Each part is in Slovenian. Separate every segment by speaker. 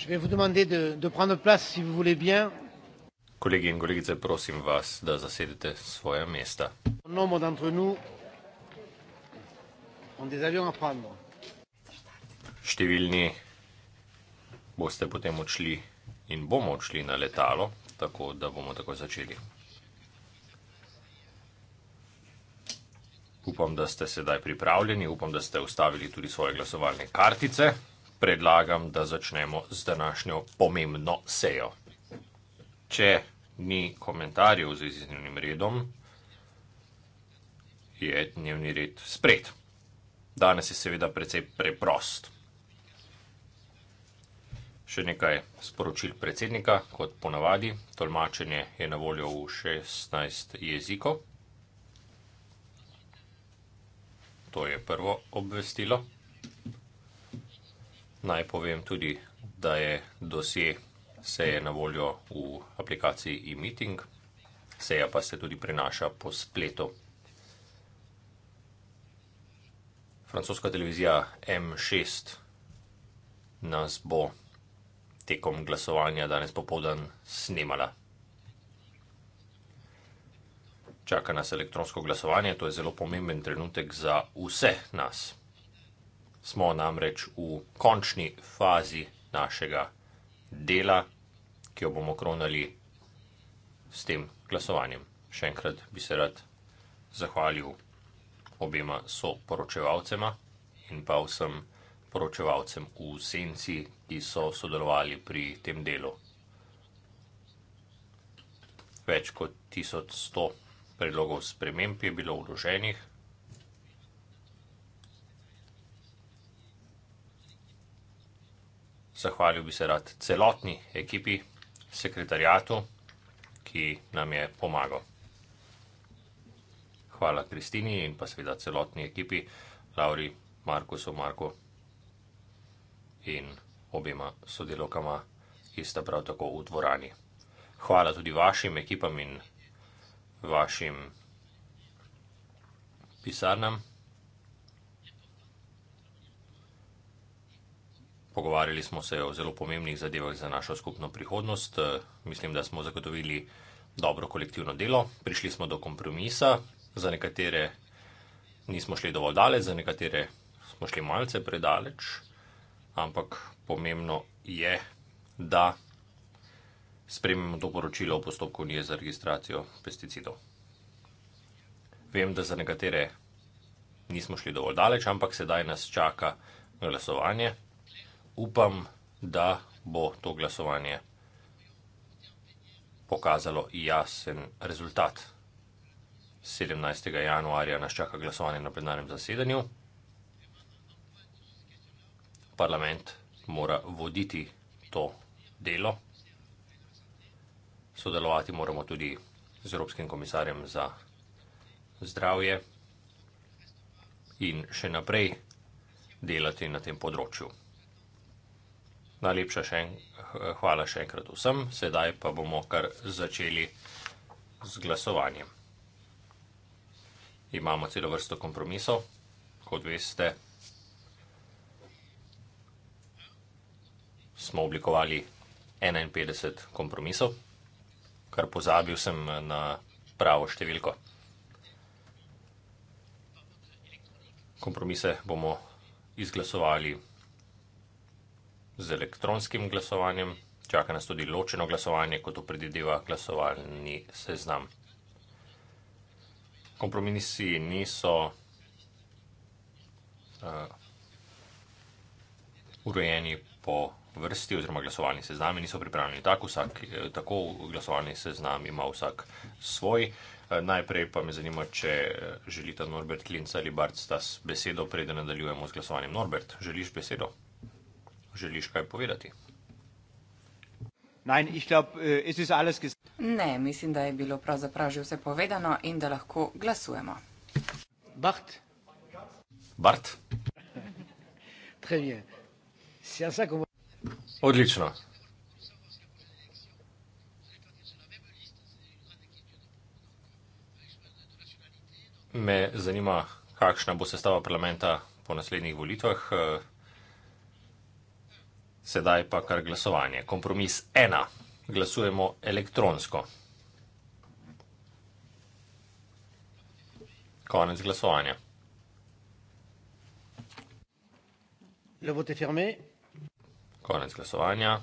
Speaker 1: Je vais vous demander de, de prendre place si vous voulez bien.
Speaker 2: Kolegi in kolegice, prosim vas, da zasedete svoja mesta. Številni boste potem odšli in bomo odšli na letalo, tako da bomo tako začeli. Upam, da ste sedaj pripravljeni, upam, da ste ustavili tudi svoje glasovalne kartice predlagam, da začnemo z današnjo pomembno sejo. Če ni komentarjev z izjemnim redom, je dnevni red spred. Danes je seveda precej preprost. Še nekaj sporočil predsednika, kot ponavadi, tolmačenje je na voljo v 16 jezikov. To je prvo obvestilo. Naj povem tudi, da je dosje seje na voljo v aplikaciji e-meeting, seja pa se tudi prenaša po spletu. Francoska televizija M6 nas bo tekom glasovanja danes popoldan snemala. Čaka nas elektronsko glasovanje, to je zelo pomemben trenutek za vse nas smo namreč v končni fazi našega dela, ki jo bomo kronali s tem glasovanjem. Še enkrat bi se rad zahvalil obema soporočevalcema in pa vsem poročevalcem v senci, ki so sodelovali pri tem delu. Več kot 1100 predlogov sprememb je bilo vloženih, zahvalil bi se rad celotni ekipi, sekretarijatu, ki nam je pomagal. Hvala Kristini in pa seveda celotni ekipi, Lauri, Markusu, Marku in obima sodelokama, ki sta prav tako v dvorani. Hvala tudi vašim ekipam in vašim pisarnam. Pogovarjali smo se o zelo pomembnih zadevah za našo skupno prihodnost. Eh, mislim, da smo zagotovili dobro kolektivno delo. Prišli smo do kompromisa. Za nekatere nismo šli dovolj daleč, za nekatere smo šli malce predaleč. Ampak pomembno je, da spremimo to poročilo o postopku unije za registracijo pesticidov. Vem, da za nekatere nismo šli dovolj daleč, ampak sedaj nas čaka glasovanje upam, da bo to glasovanje pokazalo jasen rezultat. 17. januarja nas čaka glasovanje na plenarnem zasedanju. Parlament mora voditi to delo. Sodelovati moramo tudi z Evropskim komisarjem za zdravje in še naprej delati na tem področju. Najlepša še en, hvala še enkrat vsem, sedaj pa bomo kar začeli z glasovanjem. Imamo celo vrsto kompromisov, kot veste, smo oblikovali 51 kompromisov, kar pozabil sem na pravo številko. Kompromise bomo izglasovali vsega z elektronskim glasovanjem, čaka nas tudi ločeno glasovanje, kot opredeliva glasovalni seznam. Kompromisi niso uh, urejeni po vrsti oziroma glasovalni seznami, niso pripravljeni tako, vsak, eh, tako glasovalni seznam ima vsak svoj. Eh, najprej pa me zanima, če želita Norbert Klinc ali Bart Stas besedo, preden nadaljujemo z glasovanjem. Norbert, želiš besedo? Želiš kaj povedati? Nein, glaub, äh, alles
Speaker 1: ne, mislim, da je bilo pravzaprav že vse povedano in da lahko glasujemo. Bart.
Speaker 2: Bart. Odlično. Me zanima, kakšna bo sestava parlamenta po naslednjih volitvah. Sedaj pa kar glasovanje. Kompromis ena. Glasujemo elektronsko. Konec glasovanja.
Speaker 1: Le vote fermé.
Speaker 2: Konec glasovanja.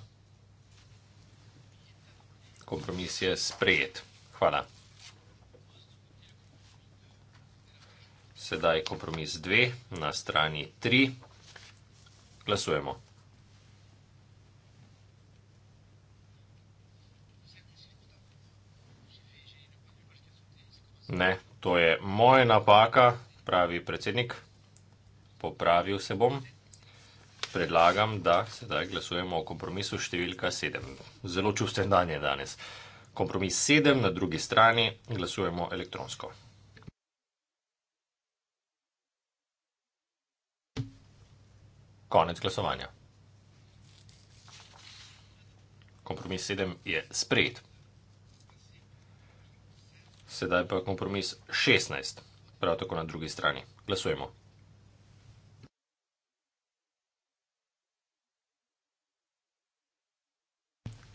Speaker 2: Kompromis je sprejet. Hvala. Sedaj kompromis 2 na strani 3. Glasujemo. Ne, to je moja napaka, pravi predsednik. Popravil se bom. Predlagam, da sedaj glasujemo o kompromisu številka 7. Zelo čustven dan je danes. Kompromis 7 na drugi strani glasujemo elektronsko. Konec glasovanja. Kompromis 7 je sprejet. Sedaj pa kompromis 16, prav tako na drugi strani. Glasujemo.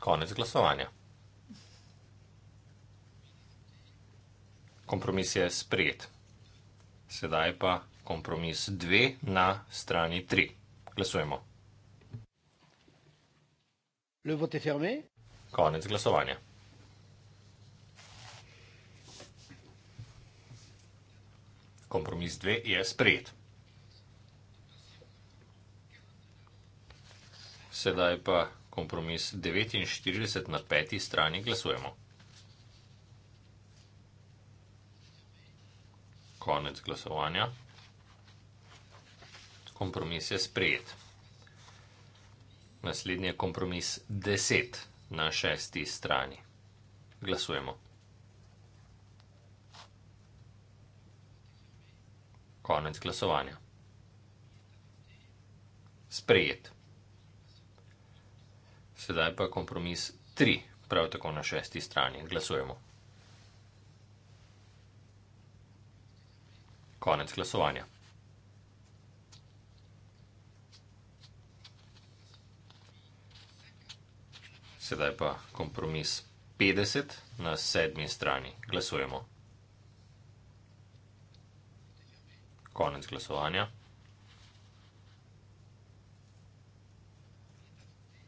Speaker 2: Konec glasovanja. Kompromis je sprejet. Sedaj pa kompromis 2 na strani 3. Glasujemo.
Speaker 1: Le vote fermé.
Speaker 2: Konec glasovanja. Kompromis 2 je sprejet. Sedaj pa kompromis 49 na peti strani glasujemo. Konec glasovanja. Kompromis je sprejet. Naslednji je kompromis 10 na šesti strani. Glasujemo. Konec glasovanja. Sprejet. Sedaj pa kompromis 3, prav tako na šesti strani. Glasujemo. Konec glasovanja. Sedaj pa kompromis 50 na sedmi strani. Glasujemo. Konec glasovanja.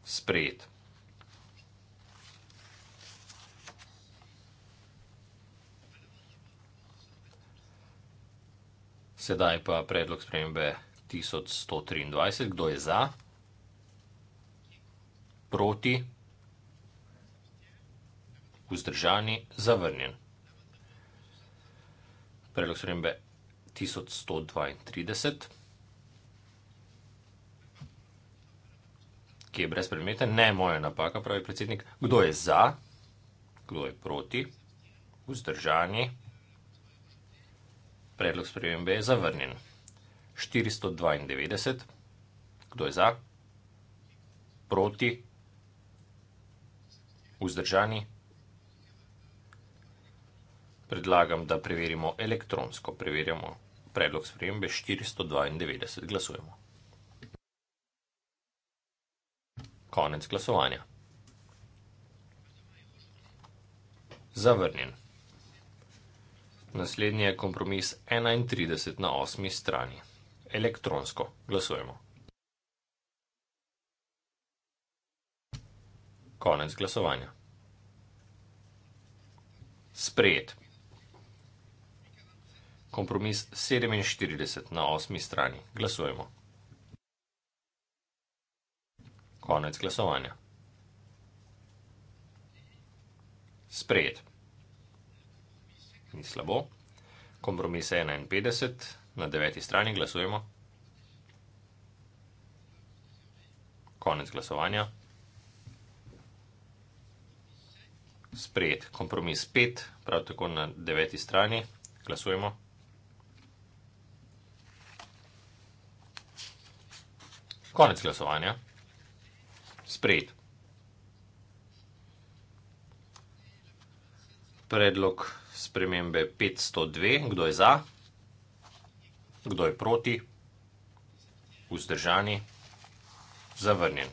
Speaker 2: Sprejet. Sedaj pa predlog spremembe 1123. Kdo je za? Proti? Vzdržani? Zavrnjen. Predlog spremembe 1132, ki je brezpredmeten, ne moja napaka, pravi predsednik. Kdo je za, kdo je proti, vzdržani, predlog spremembe je zavrnjen. 492, kdo je za, proti, vzdržani. Predlagam, da preverimo elektronsko, preverjamo elektronsko predlog spremembe 492 glasujemo. Konec glasovanja. Zavrnjen. Naslednji je kompromis 31 na 8 strani. Elektronsko glasujemo. Konec glasovanja. Sprejet kompromis 47 na 8 strani. Glasujemo. Konec glasovanja. Sprejet. Ni slabo. Kompromis 51 na 9 strani. Glasujemo. Konec glasovanja. Sprejet. Kompromis 5, prav tako na 9 strani. Glasujemo. Konec glasovanja. Sprejet. Predlog spremembe 502. Kdo je za? Kdo je proti? Vzdržani? Zavrnjen.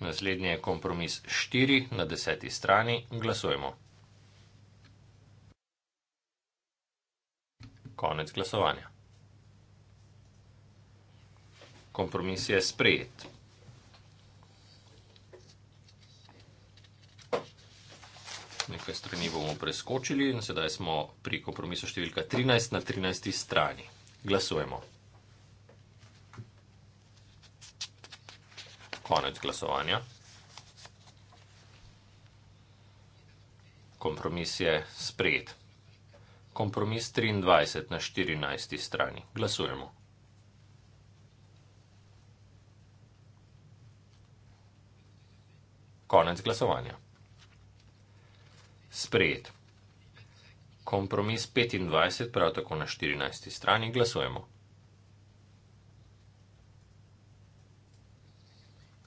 Speaker 2: Naslednji je kompromis 4 na deseti strani. Glasujemo. Konec glasovanja kompromis je sprejet. Nekaj strani bomo preskočili in sedaj smo pri kompromisu številka 13 na 13 strani. Glasujemo. Konec glasovanja. Kompromis je sprejet. Kompromis 23 na 14 strani. Glasujemo. Konec glasovanja. Sprejet. Kompromis 25, prav tako na 14. strani, glasujemo.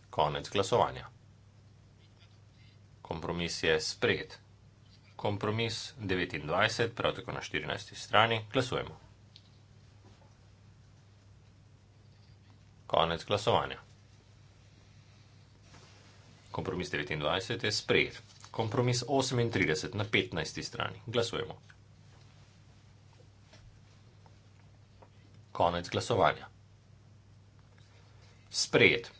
Speaker 2: Konec glasovanja. Kompromis je sprejet. Kompromis 29, prav tako na 14. strani, glasujemo. Konec glasovanja. Kompromis 29 je sprejet. Kompromis 38 na 15. strani. Glasujemo. Konec glasovanja. Sprejet.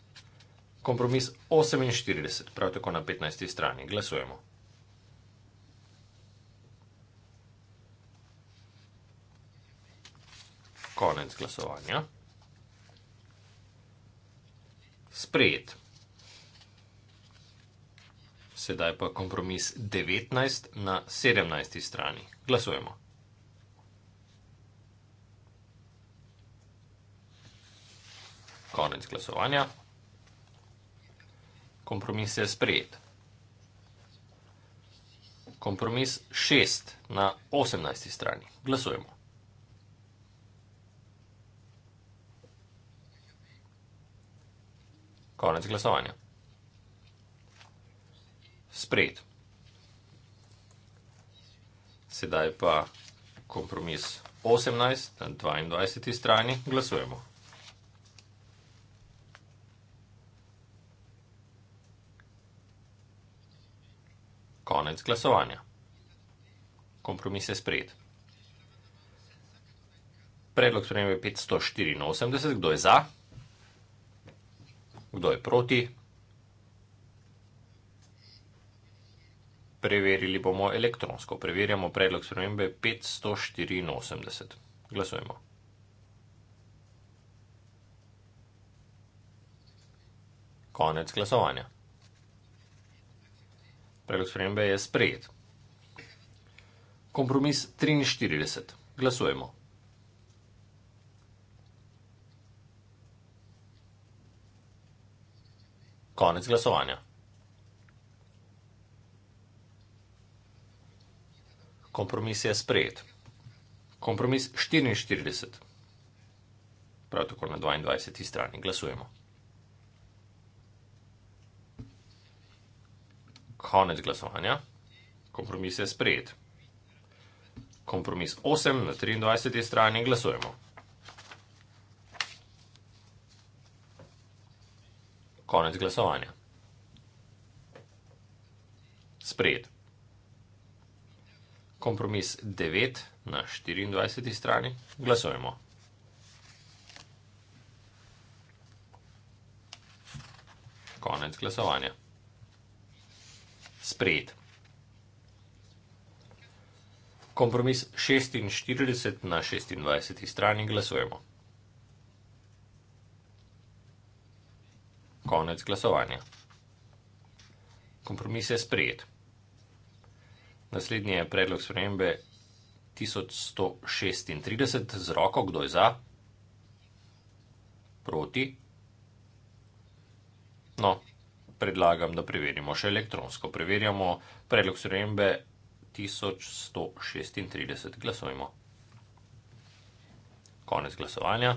Speaker 2: Kompromis 48, prav tako na 15. strani. Glasujemo. Konec glasovanja. Sprejet sedaj pa kompromis 19 na 17 strani. Glasujemo. Konec glasovanja. Kompromis je sprejet. Kompromis 6 na 18 strani. Glasujemo. Konec glasovanja sprejet. Sedaj pa kompromis 18 na 22. strani glasujemo. Konec glasovanja. Kompromis je sprejet. Predlog sprejme 584. Kdo je za? Kdo je proti? Preverili bomo elektronsko. Preverjamo predlog spremembe 584. Glasujemo. Konec glasovanja. Predlog spremembe je sprejet. Kompromis 43. Glasujemo. Konec glasovanja. Kompromis je sprejet. Kompromis 44. Prav tako na 22. strani glasujemo. Konec glasovanja. Kompromis je sprejet. Kompromis 8 na 23. strani glasujemo. Konec glasovanja. Sprejet kompromis 9 na 24 strani. Glasujemo. Konec glasovanja. Sprejet. Kompromis 46 na 26 strani glasujemo. Konec glasovanja. Kompromis je sprejet. Naslednji je predlog spremembe 1136 z roko, kdo je za, proti. No, predlagam, da preverimo še elektronsko. Preverjamo predlog spremembe 1136. Glasujemo. Konec glasovanja.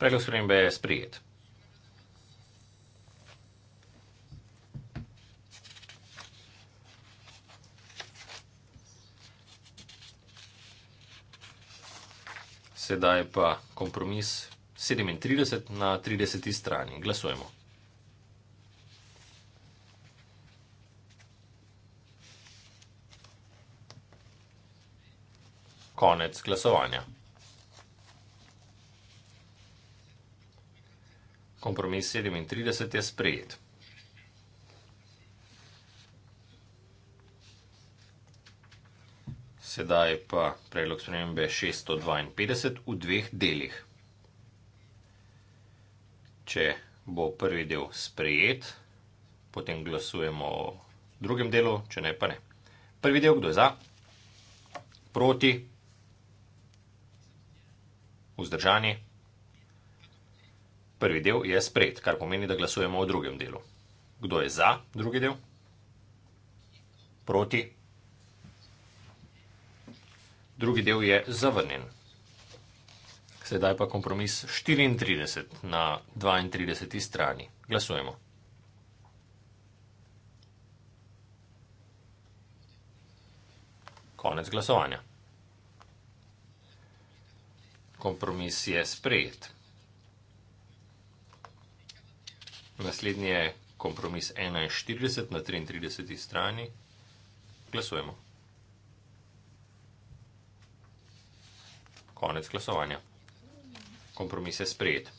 Speaker 2: Predlog spremembe je sprijet. Sedaj pa kompromis 37 na 30 strani. Glasujemo. Konec glasovanja. Kompromis 37 je sprejet. sedaj pa predlog spremembe 652 v dveh delih. Če bo prvi del sprejet, potem glasujemo o drugem delu, če ne pa ne. Prvi del, kdo je za, proti, vzdržani. Prvi del je sprejet, kar pomeni, da glasujemo o drugem delu. Kdo je za drugi del? Proti drugi del je zavrnjen. Sedaj pa kompromis 34 na 32 strani. Glasujemo. Konec glasovanja. Kompromis je sprejet. Naslednji je kompromis 41 na 33 strani. Glasujemo. Konec glasovanja. Kompromis je sprejet.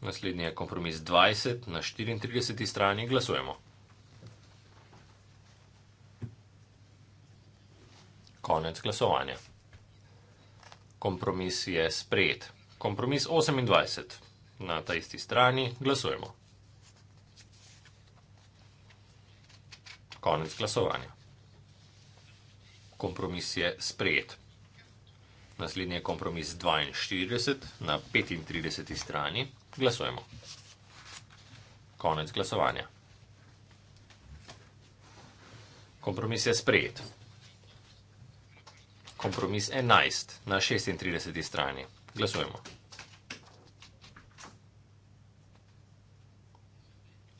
Speaker 2: Naslednji je kompromis 20 na 34. strani. Glasujemo. Konec glasovanja. Kompromis je sprejet. Kompromis 28 na ta isti strani. Glasujemo. Konec glasovanja kompromis je sprejet. Naslednji je kompromis 42 na 35 strani. Glasujemo. Konec glasovanja. Kompromis je sprejet. Kompromis 11 na 36 strani. Glasujemo.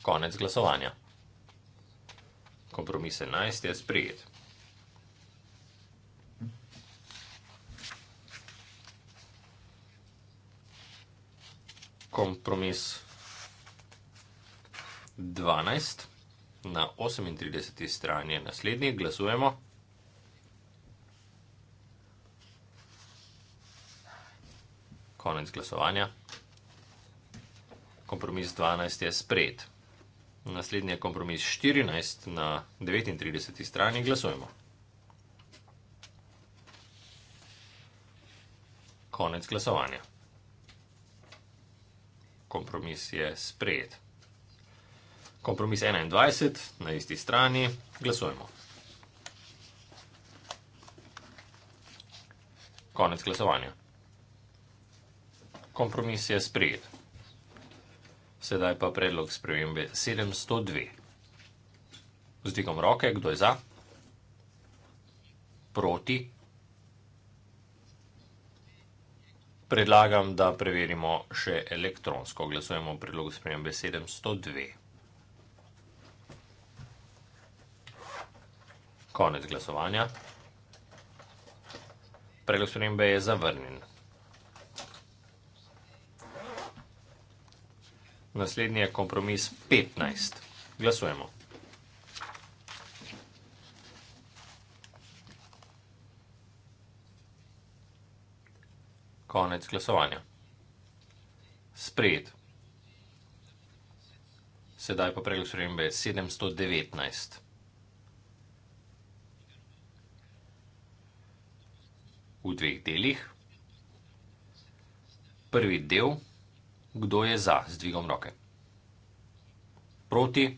Speaker 2: Konec glasovanja. Kompromis 11 je sprejet. kompromis 12 na 38. strani je naslednji, glasujemo. Konec glasovanja. Kompromis 12 je spred. Naslednji je kompromis 14 na 39. strani, glasujemo. Konec glasovanja kompromis je sprejet. Kompromis 21 na isti strani, glasujemo. Konec glasovanja. Kompromis je sprejet. Sedaj pa predlog spremembe 702. Vzdigom roke, kdo je za? Proti. predlagam, da preverimo še elektronsko. Glasujemo o predlogu spremembe 702. Konec glasovanja. Predlog spremembe je zavrnjen. Naslednji je kompromis 15. Glasujemo. Konec glasovanja. Sprejet. Sedaj pa pregled spremembe 719. V dveh delih. Prvi del, kdo je za z dvigom roke. Proti,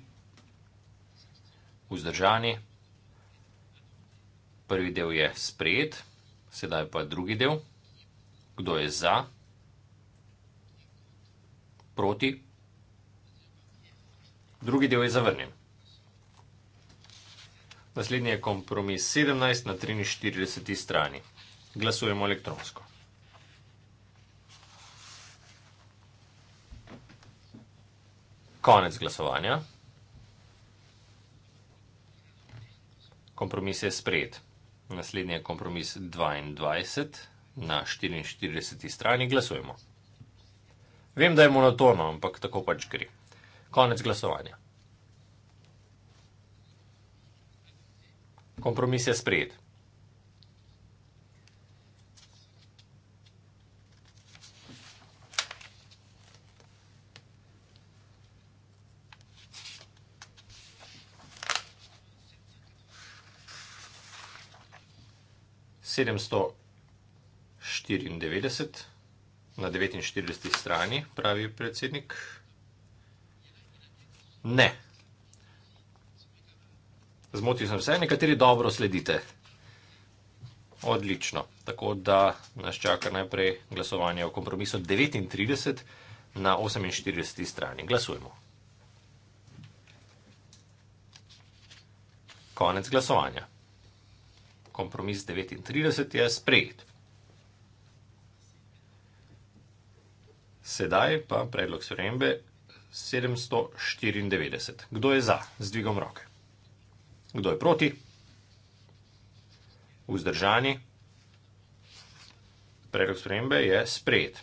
Speaker 2: vzdržani. Prvi del je sprejet, sedaj pa drugi del. Kdo je za? Proti? Drugi del je zavrnjen. Naslednji je kompromis 17 na 43. strani. Glasujemo elektronsko. Konec glasovanja. Kompromis je sprejet. Naslednji je kompromis 22 na 44. strani glasujemo. Vem, da je monotono, ampak tako pač gre. Konec glasovanja. Kompromis je sprejet. Sedemsto 94, na 49. strani, pravi predsednik. Ne. Zmotil sem se, nekateri dobro sledite. Odlično. Tako da nas čaka najprej glasovanje o kompromisu 39 na 48. strani. Glasujemo. Konec glasovanja. Kompromis 39 je sprejet. Sedaj pa predlog sprejembe 794. Kdo je za z dvigom roke? Kdo je proti? Vzdržani? Predlog sprejembe je sprejet.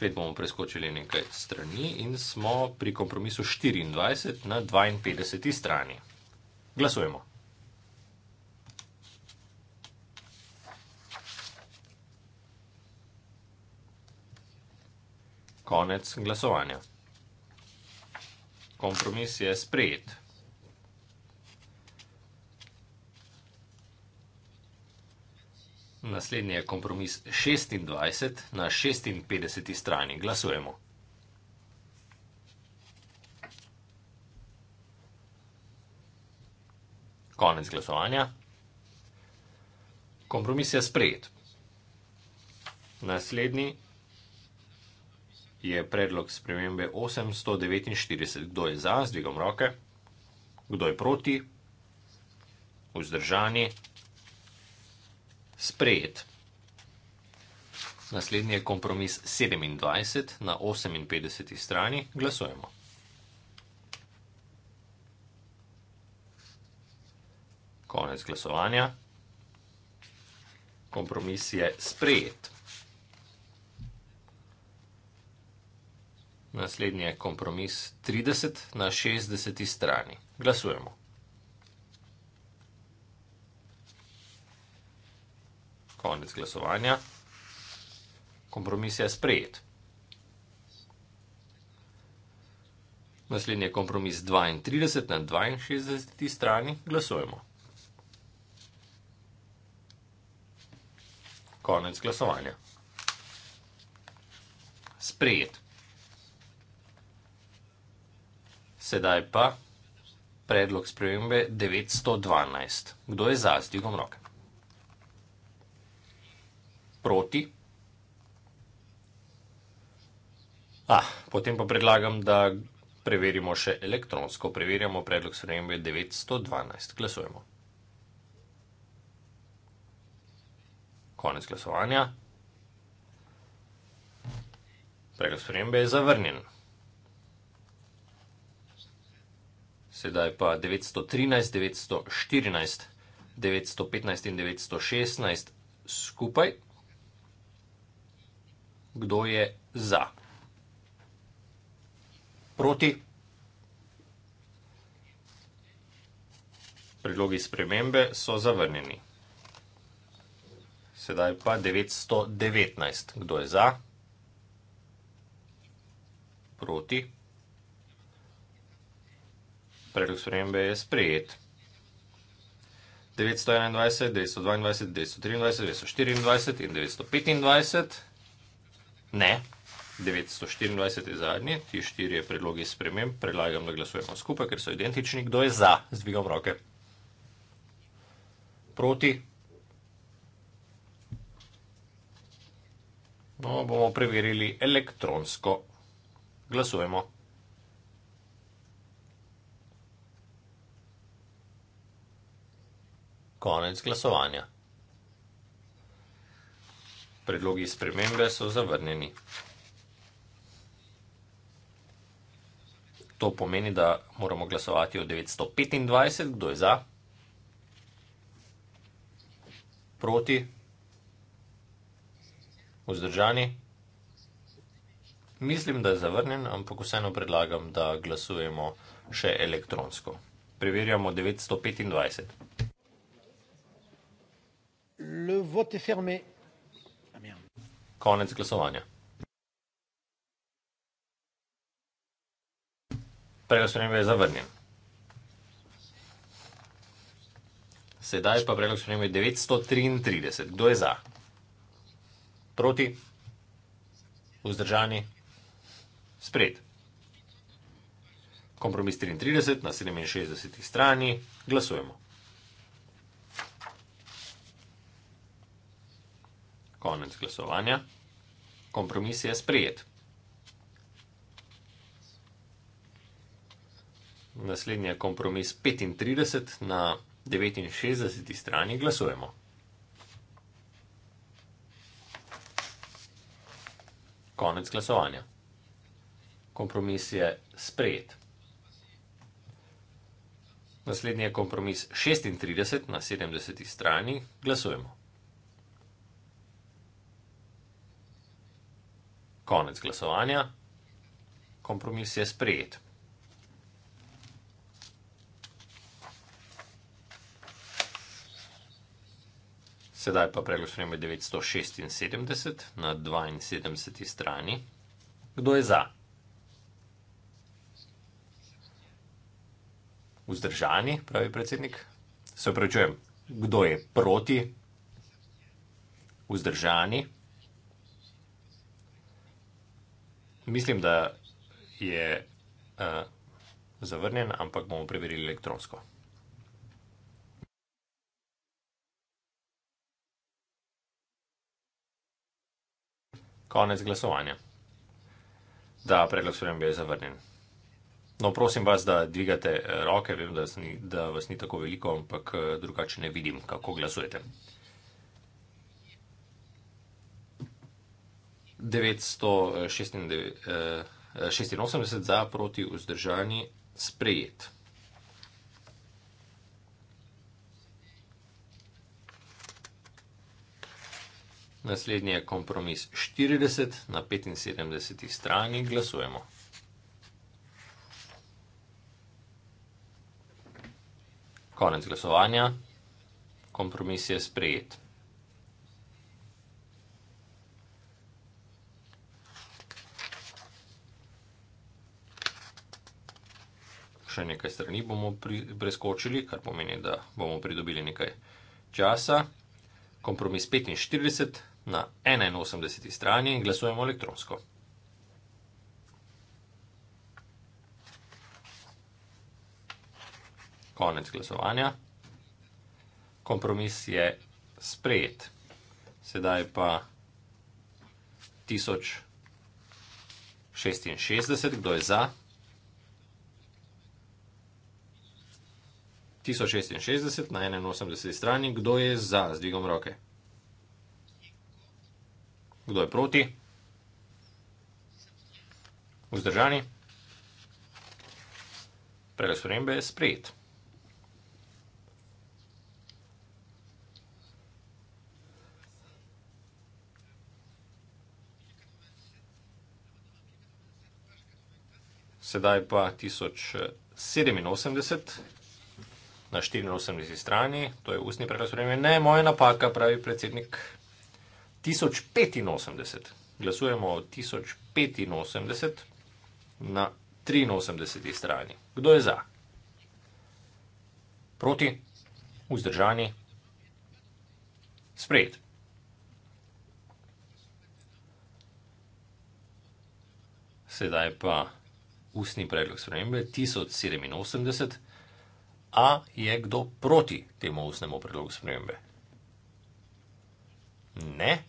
Speaker 2: Spet bomo preskočili nekaj strani in smo pri kompromisu 24 na 52 strani. Glasujemo. Konec glasovanja. Kompromis je sprejet. Naslednji je kompromis 26 na 56 strani. Glasujemo. Konec glasovanja. Kompromis je sprejet. Naslednji je predlog spremembe 849. Kdo je za, zdvigom roke, kdo je proti, vzdržani, sprejet. Naslednji je kompromis 27 na 58. strani. Glasujemo. konec glasovanja. Kompromis je sprejet. Naslednji je kompromis 30 na 60 strani. Glasujemo. Konec glasovanja. Kompromis je sprejet. Naslednji je kompromis 32 na 62 strani. Glasujemo. Konec glasovanja. Sprejet. Sedaj pa predlog spremembe 912. Kdo je za zdigom roke? Proti. Ah, potem pa predlagam, da preverimo še elektronsko. Preverjamo predlog spremembe 912. Glasujemo. konec glasovanja. Predlog spremembe je zavrnjen. Sedaj pa 913, 914, 915 in 916 skupaj. Kdo je za? Proti? Predlogi spremembe so zavrnjeni sedaj pa 919. Kdo je za? Proti? Predlog spremembe je sprejet. 921, 922, 923, 924 in 925. Ne, 924 je zadnji, ti štiri je predlogi sprememb. Predlagam, da glasujemo skupaj, ker so identični. Kdo je za? Zdvigam roke. Proti? No, bomo preverili elektronsko. Glasujemo. Konec glasovanja. Predlogi spremembe so zavrnjeni. To pomeni, da moramo glasovati o 925, kdo je za, proti vzdržani. Mislim, da je zavrnjen, ampak vseeno predlagam, da glasujemo še elektronsko. Preverjamo 925.
Speaker 1: Ah,
Speaker 2: Konec glasovanja. Preglasovanje je zavrnjen. Sedaj pa predlog spremembe 933. Kdo je za? proti, vzdržani, spred. Kompromis 33 na 67 strani, glasujemo. Konec glasovanja. Kompromis je sprejet. Naslednji je kompromis 35 na 69 strani, glasujemo. Konec glasovanja. Kompromis je sprejet. Naslednji je kompromis 36 na 70 strani. Glasujemo. Konec glasovanja. Kompromis je sprejet. Sedaj pa prej lahko spremljamo 976 na 72. strani. Kdo je za? Vzdržani, pravi predsednik. Se upravičujem, kdo je proti? Vzdržani. Mislim, da je uh, zavrnjen, ampak bomo preverili elektronsko. Konec glasovanja. Da, predlog sprejem bi je zavrnjen. No, prosim vas, da dvigate eh, roke, vem, da vas, ni, da vas ni tako veliko, ampak eh, drugače ne vidim, kako glasujete. 986 eh, eh za proti vzdržani sprejet. Naslednji je kompromis 40 na 75 strani, glasujemo. Konec glasovanja, kompromis je sprejet. Še nekaj strani bomo preskočili, kar pomeni, da bomo pridobili nekaj časa. Kompromis 45 na 81. strani in glasujemo elektronsko. Konec glasovanja. Kompromis je sprejet. Sedaj pa 1066, kdo je za? 1066 na 81 strani, kdo je za? Zdvigom roke. Kdo je proti? Vzdržani? Predlog spremembe je sprejet. Sedaj pa 1087 na 84 strani, to je ustni predlog spremembe. Ne, moja napaka, pravi predsednik. 1085, glasujemo o 1085 na 83 strani. Kdo je za? Proti, vzdržani, sprejet. Sedaj pa ustni predlog spremembe 1087. A je kdo proti temu ustnemu predlogu spremembe? Ne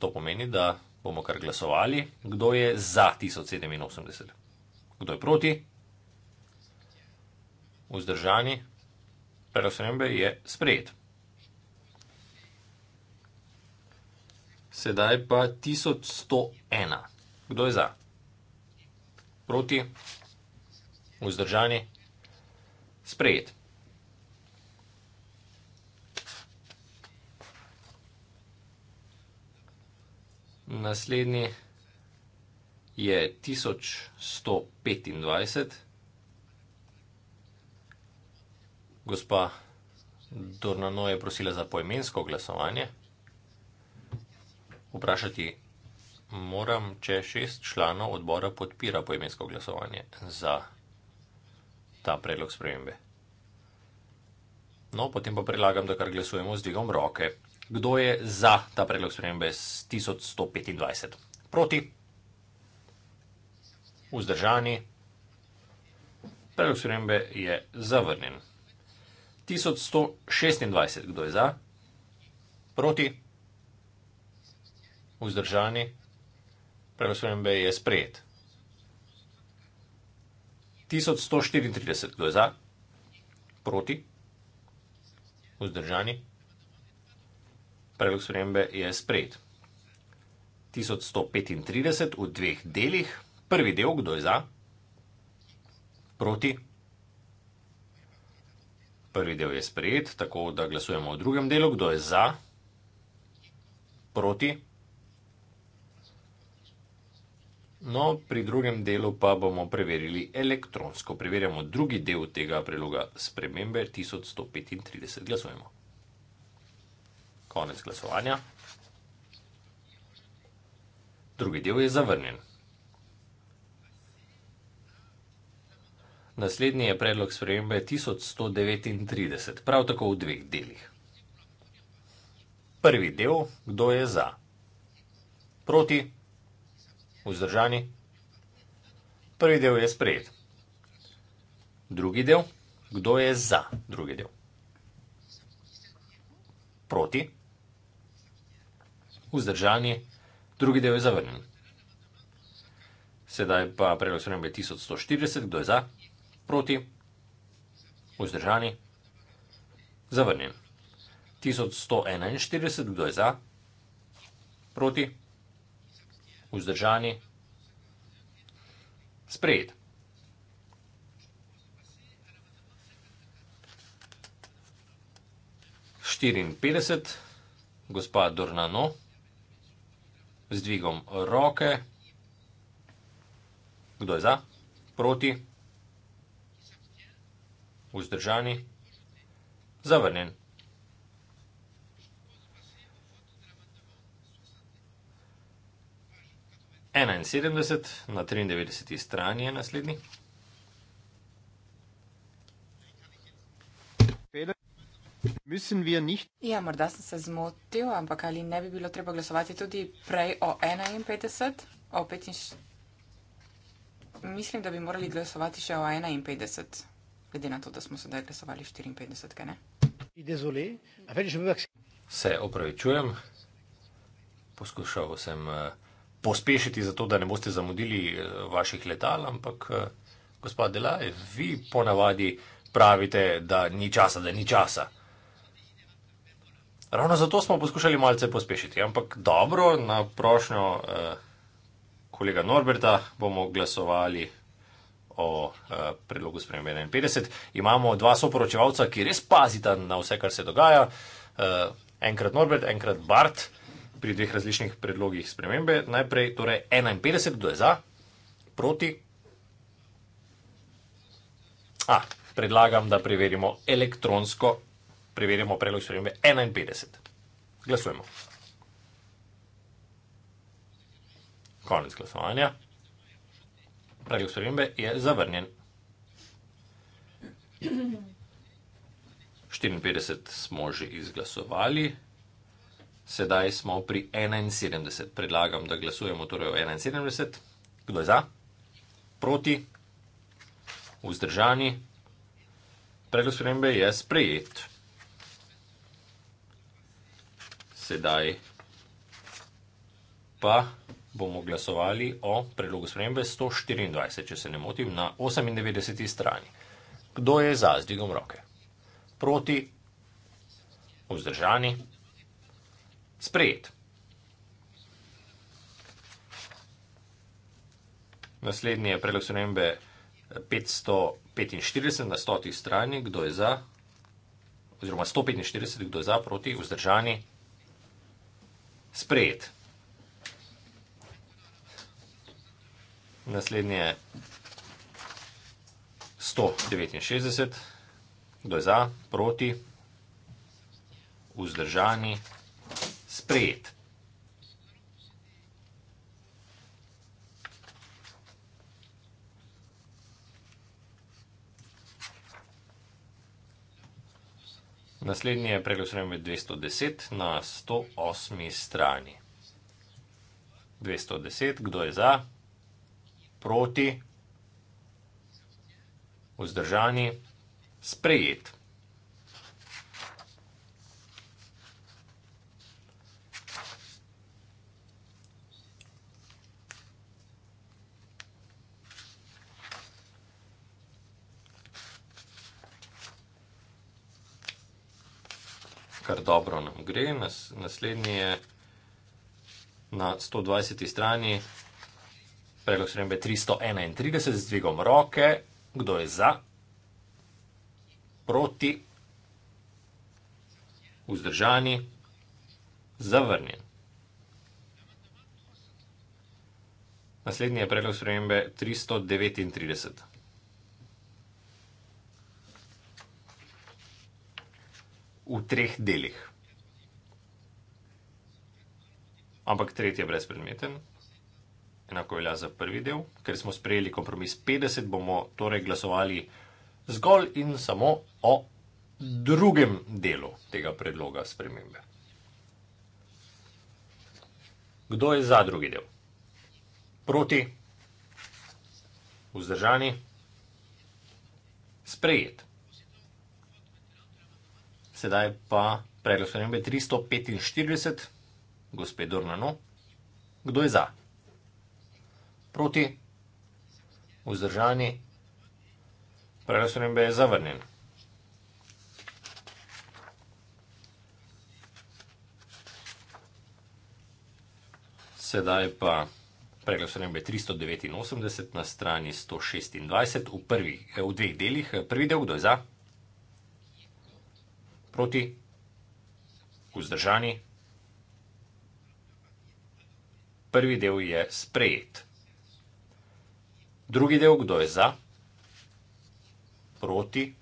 Speaker 2: to pomeni, da bomo kar glasovali, kdo je za 1087, kdo je proti, vzdržani, predvsem sprembe je sprejet. Sedaj pa 1101, kdo je za, proti, vzdržani, sprejet. naslednji je 1125. Gospa Dornano je prosila za poimensko glasovanje. Vprašati moram, če šest članov odbora podpira poimensko glasovanje za ta predlog spremembe. No, potem pa predlagam, da kar glasujemo z dvigom roke kdo je za ta predlog spremembe s 1125. Proti, vzdržani, predlog spremembe je zavrnjen. 1126, kdo je za, proti, vzdržani, predlog spremembe je sprejet. 1134, kdo je za, proti, vzdržani, predlog spremembe je sprejet predlog spremembe je sprejet. 1135 v dveh delih, prvi del, kdo je za, proti. Prvi del je sprejet, tako da glasujemo v drugem delu, kdo je za, proti. No, pri drugem delu pa bomo preverili elektronsko. Preverjamo drugi del tega preloga spremembe 1135. Glasujemo. Konec glasovanja. Drugi del je zavrnjen. Naslednji je predlog spremembe 1139, prav tako v dveh delih. Prvi del, kdo je za? Proti? Vzdržani? Prvi del je sprejet. Drugi del, kdo je za? Drugi del. Proti? Proti? vzdržanje, drugi del je zavrnjen. Sedaj pa predlog spremembe 1140, kdo je za, proti, vzdržani, zavrnjen. 1141, kdo je za, proti, vzdržani, sprejet. Štiriinpetdeset, gospa Dornano z dvigom roke. Kdo je za? Proti? Vzdržani? Zavrnjen. Enainsedemdeset, na triindevetdeseti strani je naslednji.
Speaker 1: Ja, morda sem se zmotil, ampak ali ne bi bilo treba glasovati tudi prej o 51? O 55? Mislim, da bi morali glasovati še o 51, glede na to, da smo sedaj glasovali 54, kaj ne?
Speaker 2: Se opravičujem, poskušal sem eh, pospešiti zato, da ne boste zamudili eh, vaših letal, ampak eh, gospod Delaj, vi ponavadi pravite, da ni časa, da ni časa. Ravno zato smo poskušali malce pospešiti, ampak dobro, na prošnjo eh, kolega Norberta bomo glasovali o eh, predlogu spremembe 51. Imamo dva soporočevalca, ki res pazita na vse, kar se dogaja. Eh, enkrat Norbert, enkrat Bart pri dveh različnih predlogih spremembe. Najprej torej 51, kdo je za, proti. A, predlagam, da preverimo elektronsko preverjamo predlog spremembe 51. Glasujemo. Konec glasovanja. Predlog spremembe je zavrnjen. 54 smo že izglasovali, sedaj smo pri 71. Predlagam, da glasujemo torej o 71. Kdo je za? Proti? Vzdržani? Predlog spremembe je sprejet. sedaj pa bomo glasovali o predlogu spremembe 124, če se ne motim, na 98. strani. Kdo je za zdigom roke? Proti, vzdržani, sprejet. Naslednji je predlog spremembe 545 na 100. strani. Kdo je za? Oziroma 145, kdo je za, proti, vzdržani, sprejet sprejet. Naslednji je 169, kdo je za, proti, vzdržani, sprejet. Naslednji je preglasovanje med 210 na 108 strani. 210, kdo je za, proti, vzdržani, sprejet. kar dobro nam gre. Nas, naslednji je na 120. strani, predlog srembe 331, z dvigom roke, kdo je za, proti, vzdržani, zavrnjen. Naslednji je predlog spremembe 339. v treh delih. Ampak tretji je brezpredmeten, enako velja za prvi del, ker smo sprejeli kompromis 50, bomo torej glasovali zgolj in samo o drugem delu tega predloga spremembe. Kdo je za drugi del? Proti, vzdržani, sprejet. Sedaj pa predlog spremembe 345, gospe Dornano. Kdo je za? Proti? Vzdržani? Predlog spremembe je zavrnjen. Sedaj pa pregled spremembe 389 na strani 126 v, prvi, eh, v dveh delih. Prvi del, kdo je za? proti, vzdržani. Prvi del je sprejet. Drugi del, kdo je za, proti,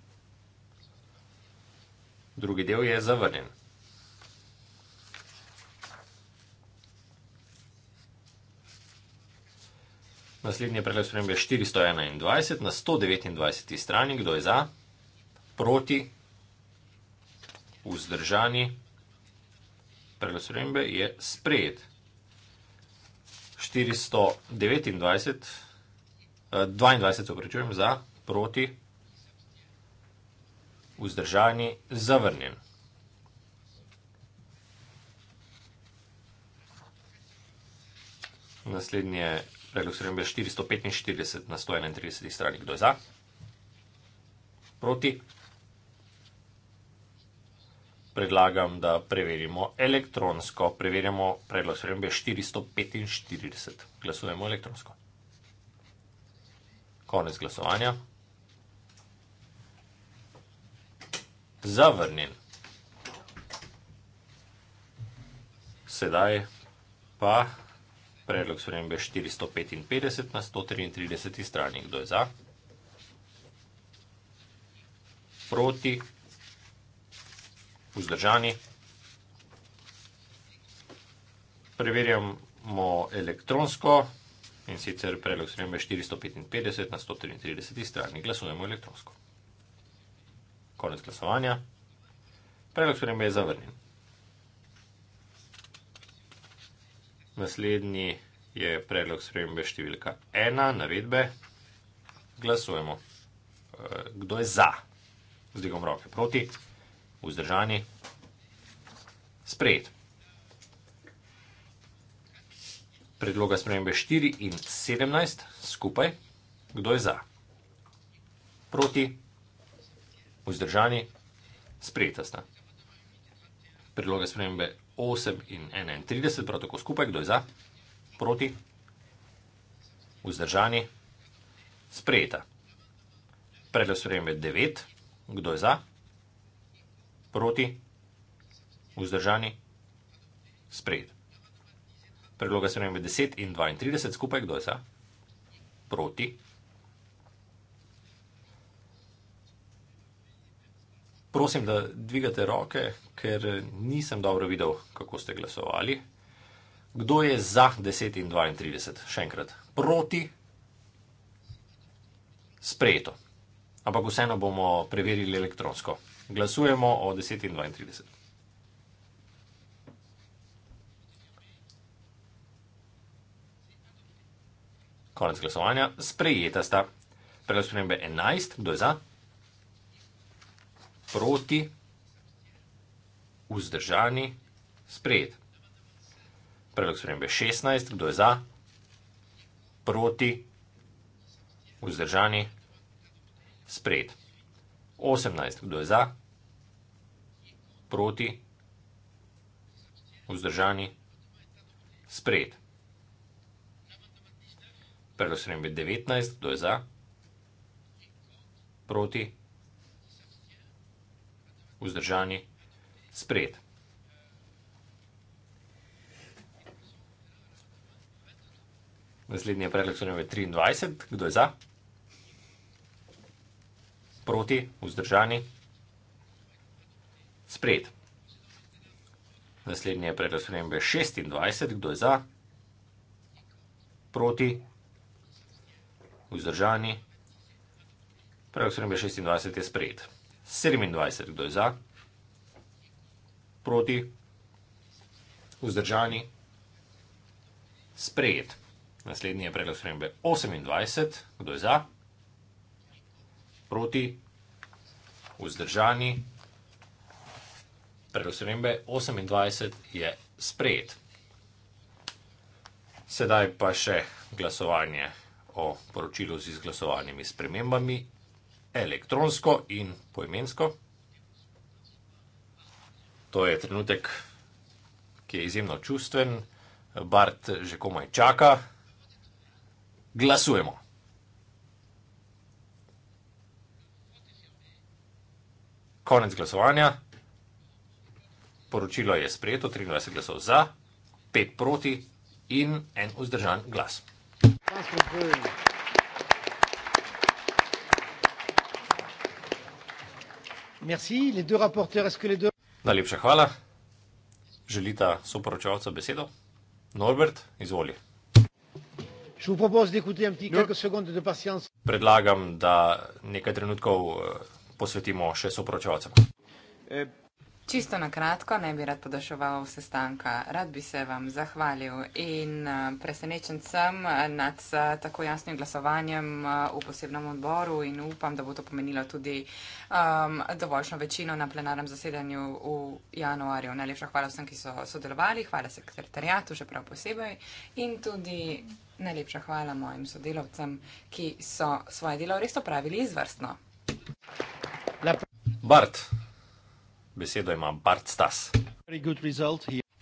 Speaker 2: drugi del je zavrnjen. Naslednji predlog sprejem je 421 na 129. strani, kdo je za, proti, proti vzdržani. Predlog spremembe je sprejet. 429, 22 eh, se upravičujem za, proti, vzdržani, zavrnjen. Naslednji je predlog spremembe 445 na 131 strani. Kdo je za? Proti predlagam, da preverimo elektronsko. Preverjamo predlog spremembe 445. Glasujemo elektronsko. Konec glasovanja. Zavrnjen. Sedaj pa predlog spremembe 455 na 133 strani. Kdo je za? Proti vzdržani. Preverjamo elektronsko in sicer predlog sprejme 455 na 133 strani. Glasujemo elektronsko. Konec glasovanja. Predlog sprejme je zavrnjen. Naslednji je predlog sprejme številka 1, navedbe. Glasujemo. Eh, kdo je za? Zdigom roke proti vzdržani, sprejet. Predloga spremembe 4 in 17 skupaj, kdo je za? Proti, vzdržani, sprejeta sta. Predloga spremembe 8 in 31, prav tako skupaj, kdo je za? Proti, vzdržani, sprejeta. Predloga spremembe 9, kdo je za? Proti proti, vzdržani, sprejet. Predloga se nameje 10 in 32 skupaj, kdo je za, proti. Prosim, da dvigate roke, ker nisem dobro videl, kako ste glasovali. Kdo je za 10 in 32? Še enkrat, proti, sprejeto. Ampak vseeno bomo preverili elektronsko. Glasujemo o 10 in 32. Konec glasovanja. Sprejeta sta. Predlog spremembe 11. Kdo je za? Proti. Vzdržani. Sprejet. Predlog spremembe 16. Kdo je za? Proti. Vzdržani. Sprejet. 18. Kdo je za? Proti? Vzdržani? Sprejet. Predlog sprejem je 19. Kdo je za? Proti? Vzdržani? Sprejet. Naslednji je predlog sprejem je 23. Kdo je za? proti, vzdržani, spred. Naslednji je predlog spremembe 26, kdo je za, proti, vzdržani, predlog spremembe 26 je spred. 27, kdo je za, proti, vzdržani, spred. Naslednji je predlog spremembe 28, kdo je za, proti, vzdržani, spred proti, vzdržani, predlog spremembe 28 je sprejet. Sedaj pa še glasovanje o poročilu z izglasovanimi spremembami, elektronsko in poimensko. To je trenutek, ki je izjemno čustven, Bart že komaj čaka. Glasujemo. Konec glasovanja. Poročilo je sprejeto, 23 glasov za, 5 proti in en vzdržan glas. Najlepša hvala. Želita soporočevalca besedo? Norbert, izvoli. No. Predlagam, da nekaj trenutkov. Eh, posvetimo še soproševalcem. E,
Speaker 1: Čisto na kratko, ne bi rad podaljševal sestanka, rad bi se vam zahvalil in e, presenečen sem nad e, tako jasnim glasovanjem v posebnem odboru in upam, da bo to pomenilo tudi um, dovoljšno večino na plenarnem zasedanju v januarju. Najlepša hvala vsem, ki so sodelovali, hvala sekretarijatu še prav posebej in tudi najlepša hvala mojim sodelovcem, ki so svoje delo res opravili izvrstno.
Speaker 2: Bart, besedo ima Bart Stas.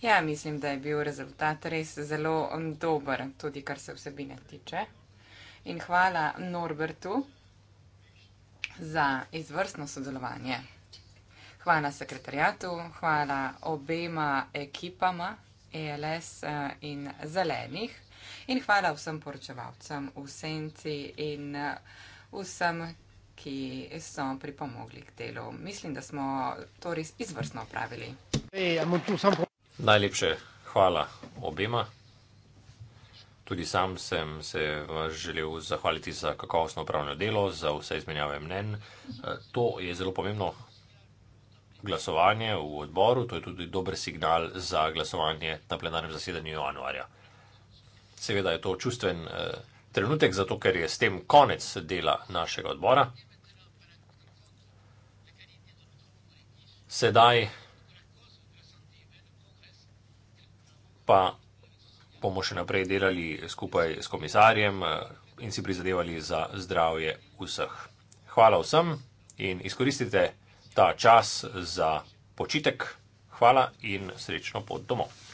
Speaker 1: Ja, mislim, da je bil rezultat res zelo um, dober, tudi kar se vsebine tiče. In hvala Norbertu za izvrstno sodelovanje. Hvala sekretarjatu, hvala obema ekipama ELS uh, in zelenih in hvala vsem poročevalcem v senci in uh, vsem, ki so pripomogli k delu. Mislim, da smo to res izvrstno opravili.
Speaker 2: Najlepše hvala obima. Tudi sam sem se želel zahvaliti za kakovostno upravljeno delo, za vse izmenjave mnen. E, to je zelo pomembno glasovanje v odboru, to je tudi dober signal za glasovanje na plenarnem zasedanju januarja. Seveda je to čustven eh, trenutek, zato ker je s tem konec dela našega odbora. sedaj pa bomo še naprej delali skupaj s komisarjem eh, in si prizadevali za zdravje vseh. Hvala vsem in izkoristite ta čas za počitek. Hvala in srečno pot domov.